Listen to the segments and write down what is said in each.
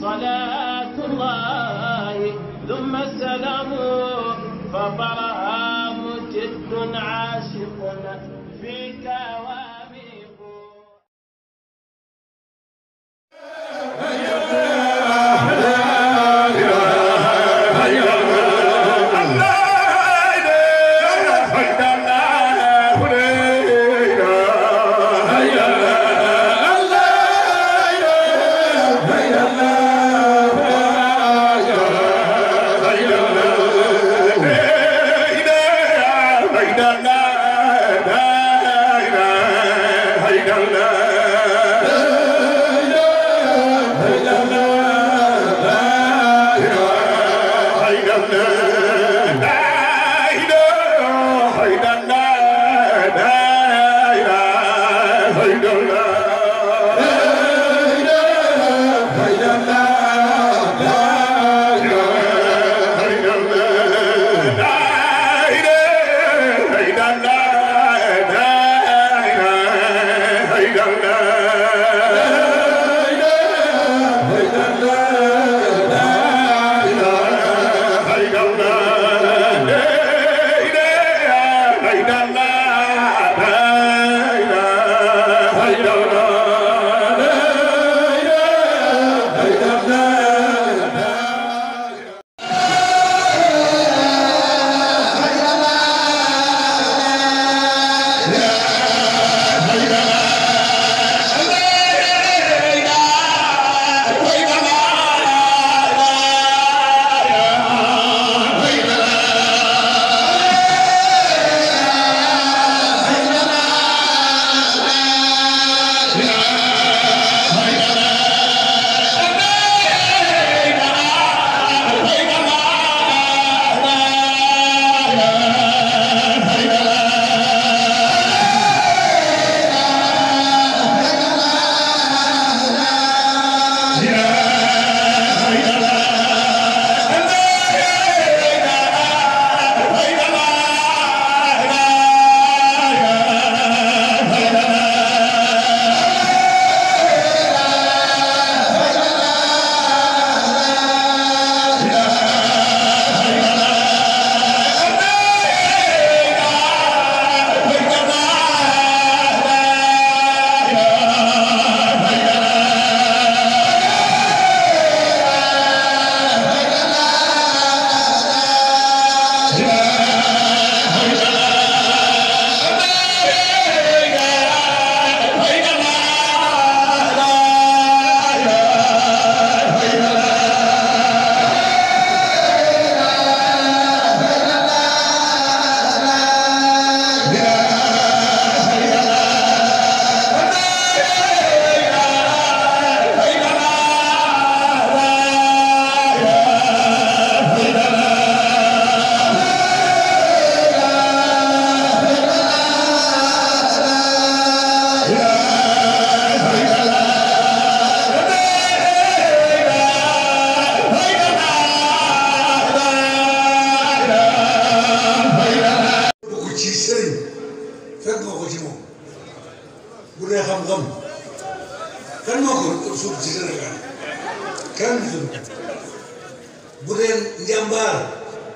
صلاة الله ثم السلام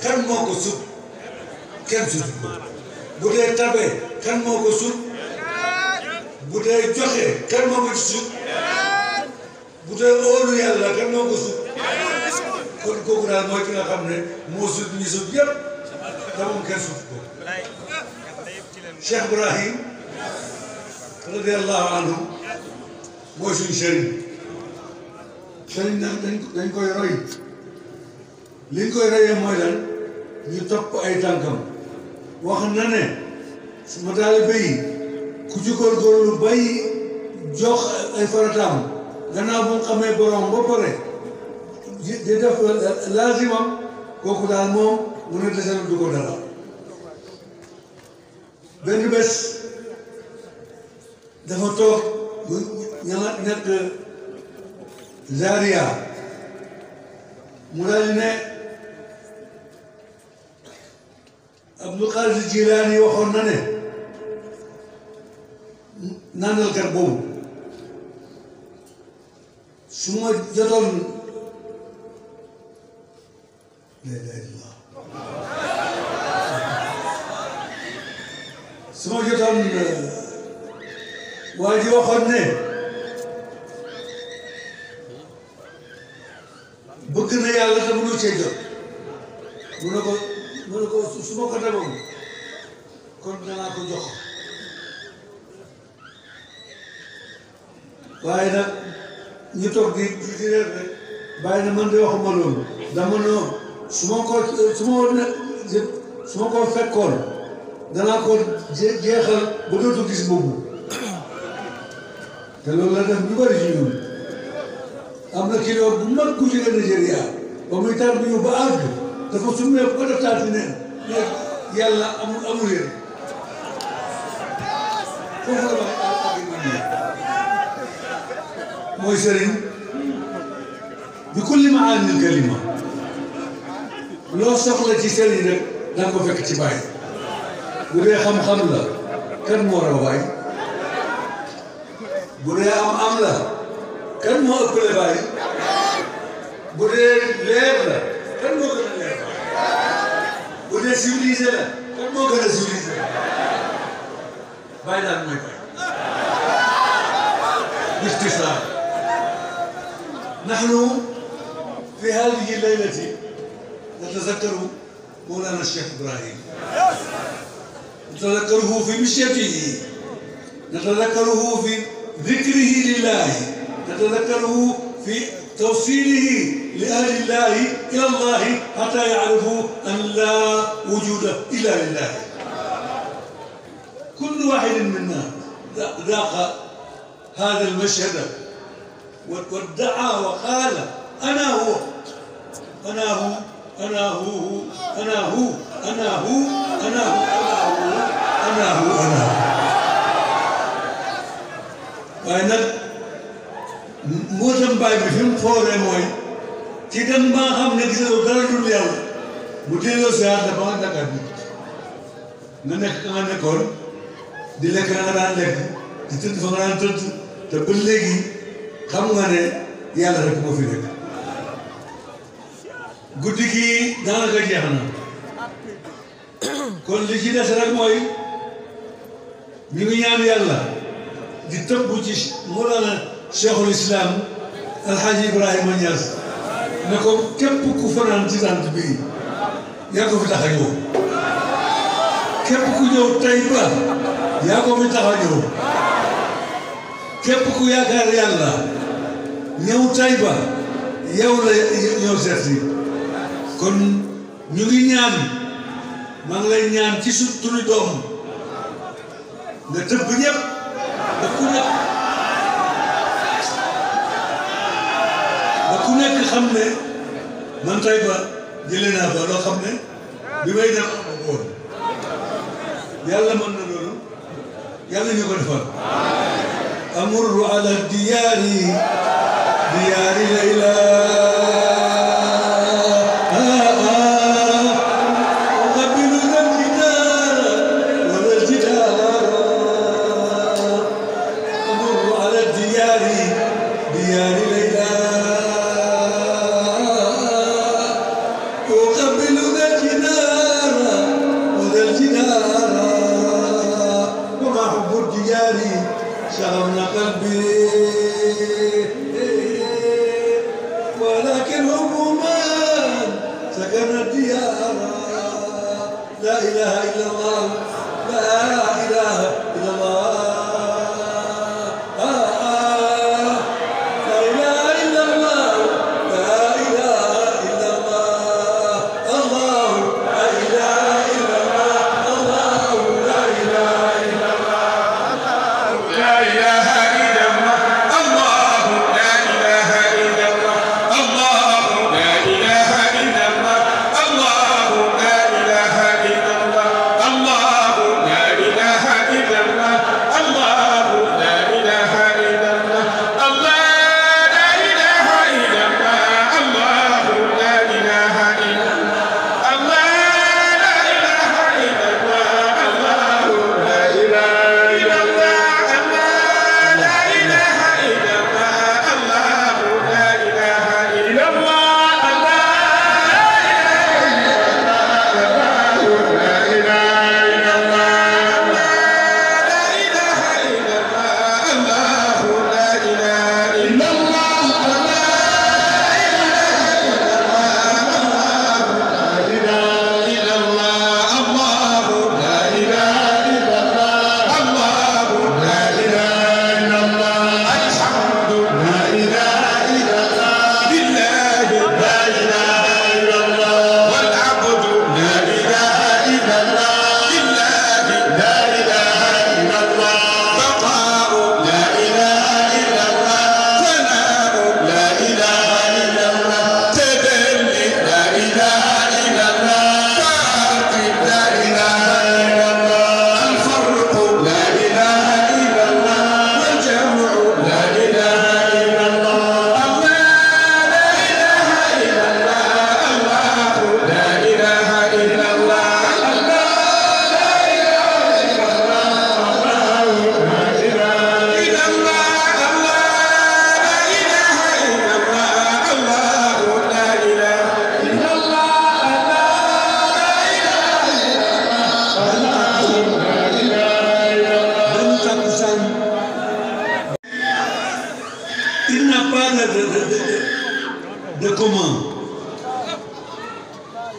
kan moo ko sut kenn sut ko bu dee tabee kan moo ko sut bu dee joxe kan moo ko sut bu dee óolu yàlla kan moo ko sut kon kooku daal mooy ki nga xam ne moo sut ñi sut yëpp te kenn sut ko Cheikh Ibrahim radiyallahu mooy suñu sëriñ sëriñ dañ koy roy liñ koy royee mooy lan ñu topp ay tànkam wax na ne suma taalibe yi ku ci góorgóorlu bay jox ay farataam gannaaw bu xamee borom ba pare di def laazimam kooku daal moom mu ne desal du ko dara benn bés dafa toog ñu ña nekk Zaria mu daal ne Abdul Xaadir Jilaani waxoon na ne naanalkat boobu su ma jotoon la ilaha illallah su ma jotoon waa ji waxoon ne bëgg na yàlla te mënu cee jot ma ko demoon kon danaa ko jox waaye nag ñu toog di di di reer rek na man de waxuma loolu dama noonu su ma ko su ma su ma ko fekkoon danaa ko jeexal ba dootu gis boobu te loolu la def ñu bëri ci am na kilo bu mag ku jóge Nigeria ba muy tar bi ñu ba àgg dafa summee ko def taati neen yàlla amul amul yéen foofu la wax daal ak imaam mooy sëriñ bi kulli ma aal min kalima loo soxla ci sëriñ rek danga ko fekk ci bàyyi bu dee xam-xam la kan moo raw bàyyi bu dee am-am la kan moo ëppale bàyyi bu dee leer la kan moo ne civilisé la kan moo gën a civilisé bàyyi daal mooy bàyyi باختصار نحن في هذه الليلة نتذكر مولانا الشيخ إبراهيم نتذكره في مشيته نتذكره في ذكره لله نتذكره في توصيله لآل الله إلى الله حتى يعرفوا أن لا وجود إلا لله كل واحد منا ذاق هذا المشهد وادعى وقال أنا هو أنا هو أنا هو أنا هو أنا هو أنا هو أنا هو أنا هو waaye nag moo tam baay bi fi mu fooree mooy ki dem ba xam nga gisoo dara dul yàlla bu delloo si waat dafa nga jàkkaat bi nga nekk nga nekkoon di lekk na nga daan lekk di tëdd fa nga daan tëdd te ba léegi xam nga ne yàlla rek moo fi nekk guddi gi daanaka jeex na kon li ci des rek mooy ñu ngi ñaan yàlla di tëbbu ci Mawlana Cheikhul Islam Alhaji Ibrahima Niass ne ko képp ku fanaan ci sant yaa ko fi tax a ñëw ku ñëw tey yaa ko fi tax a ñëw képp ku yaakaar yàlla ñëw la ñëw seet si kon ñu ngi ñaan maa ngi lay ñaan ci suñu turu doom nga tëbb ñëpp da ku nekk ku nekk xam ne man tay ba jëlee naa ba loo xam ne bi may dem am woon yàlla mën na loolu yàlla ñu ko defal amuru ala diyaari diyaari layla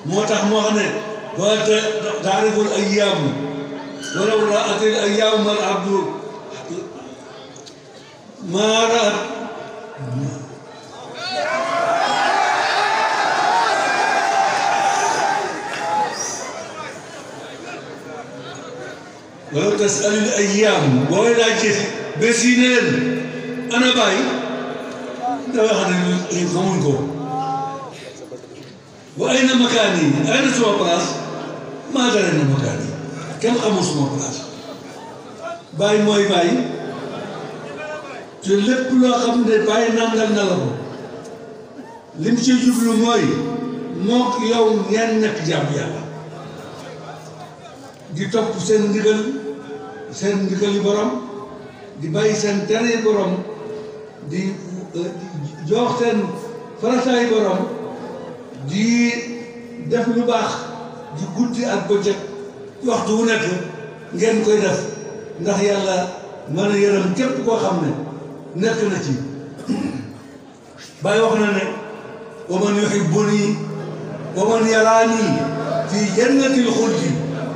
moo tax moo xam ne wala te taariful ayyaamu wala wala atil ayyaamu mal abdu maara wala tasalil ayyaamu booy laajte bés yi ne leen ana bàyyi da nga xam ne xamuñ ko. wa ayna makaani ayna sama place maa dara na makaani kenn xamul sama place bàyyi mooy bàyyi te lépp loo xam ne bàyyi nangal na la ko li mu ci jublu mooy mook yow ngeen nekk jàmm yàlla di topp seen ndigal seen ndigali borom di bàyyi seen tere borom di eh, jox seen farataay borom di def lu baax di guddi ak bëccëg waxtu wu nekk ngeen koy def ndax yàlla mën a yërëm képp koo xam ne nekk na ci bàyyi wax na ne wa man yuhibbuni wa man yaraani fii jannatil xuldi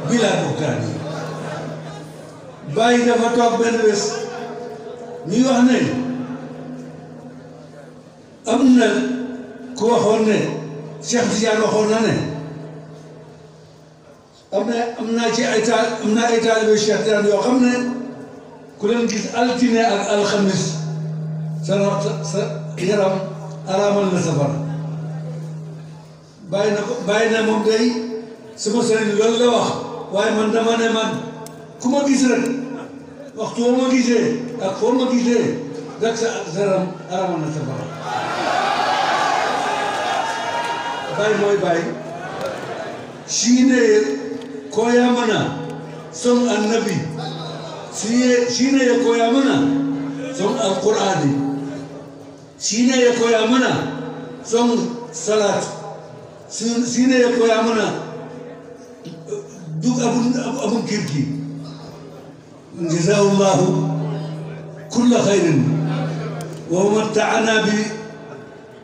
bilaa buhtaani bàyyi dafa toog benn bés ñuy wax ne am na ku waxoon Cheikh Tidiane waxoon na ne am na ay taal am naa ay taalibe Cheikh Tidiane yoo xam ne ku leen gis altine ak alxamis sa yaram araamal na na ko bàyyi na moom day sama sëriñ loolu la wax waaye man dama man ku ma gis rek waxtu woo ma gisee ak foo ma gisee rek sa yaram araamal na safara baay mooy baay shine koya mana son annabi shine ya koya mana son alqur'ani shine ya koya mana son salat shine ya koya mana duk abun abun kirki jazakallahu kulla khairin wa matta'ana bi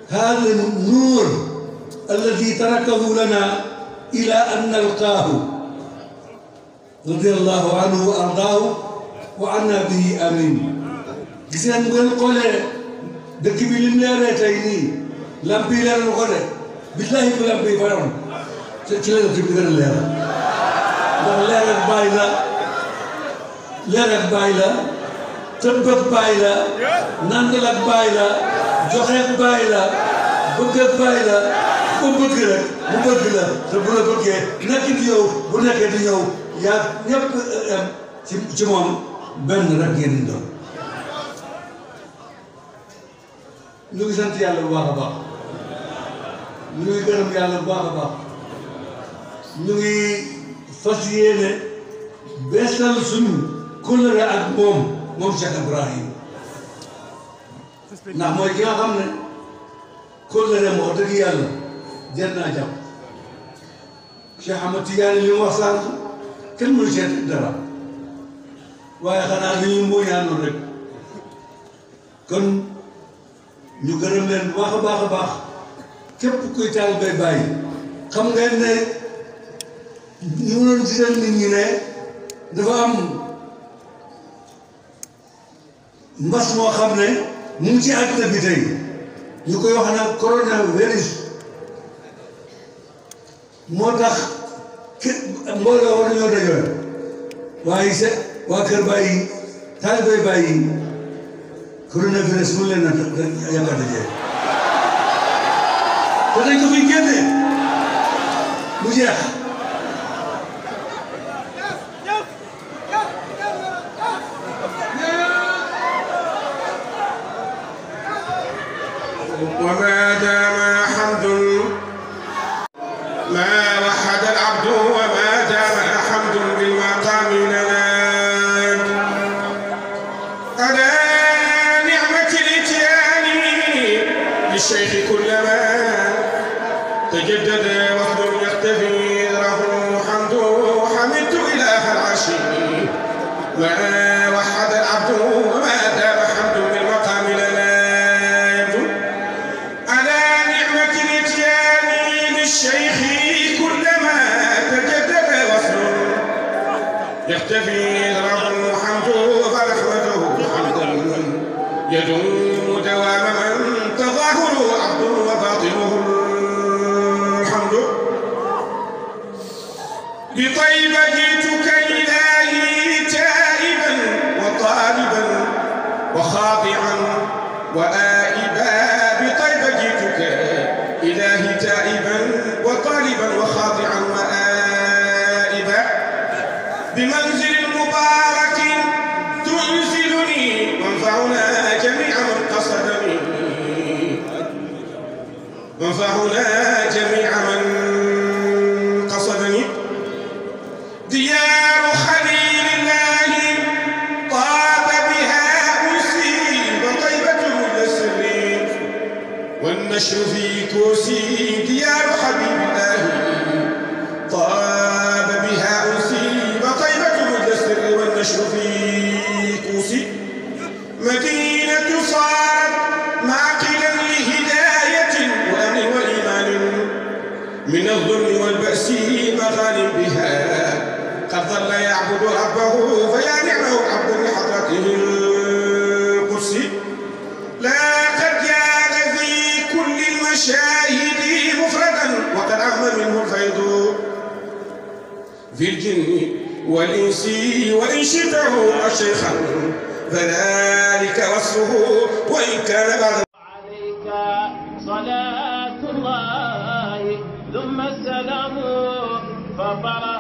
هذا النور الذي تركه لنا إلى أن نلقاه رضي الله عنه وأرضاه وعنا به آمين gis ngeen bu ngeen xoolee dëkk bi li mu leeree tey nii lamp yi leer na ko de billahi bu lamp yi faram ci la dëkk bi gën a leer ndax leer ak bàyyi la leer ak bàyyi la tëbb ak bàyyi la nàndal ak bàyyi la joxe ak bàyyi la bëgg ak bàyyi la ku bëgg rek la te bu la bëggee nekk di yow bu nekkee di ñëw yaa ñëpp eh, eh, ci moom benn rek ngeen di ngi sant yàlla bu baax a baax ñu ngi gërëm yàlla bu baax a baax ñu ngi fas yéene beesal suñu kóllëre ak moom moom Cheikh Ibrahim ndax mooy ki nga xam ne kóllëre moo dëgg yàlla jar naa jàpp Cheikh Ahmad Tidiane li mu wax sànq kenn mënu dara waaye xanaa li ñu mbuñaanoon rek kon ñu gërëm leen baax a baax a baax képp kuy taal bay bàyyi xam ngeen ne ñu mënoon gisal nit ñi ne dafa am mbas moo xam ne mu ngi ci àdduna bi tey ñu koy wax nag coronavirus moo tax kë mbooloo waaye se waa kër bàyyi taalibe bàyyi coronavirus mun leen a yàgg a dajee te dañ ko fi génne mu تجدد نشر في كرسي والإنس وإن شئته الشيخا فذلك وصفه وإن كان بعد عليك صلاة الله ثم السلام فطرى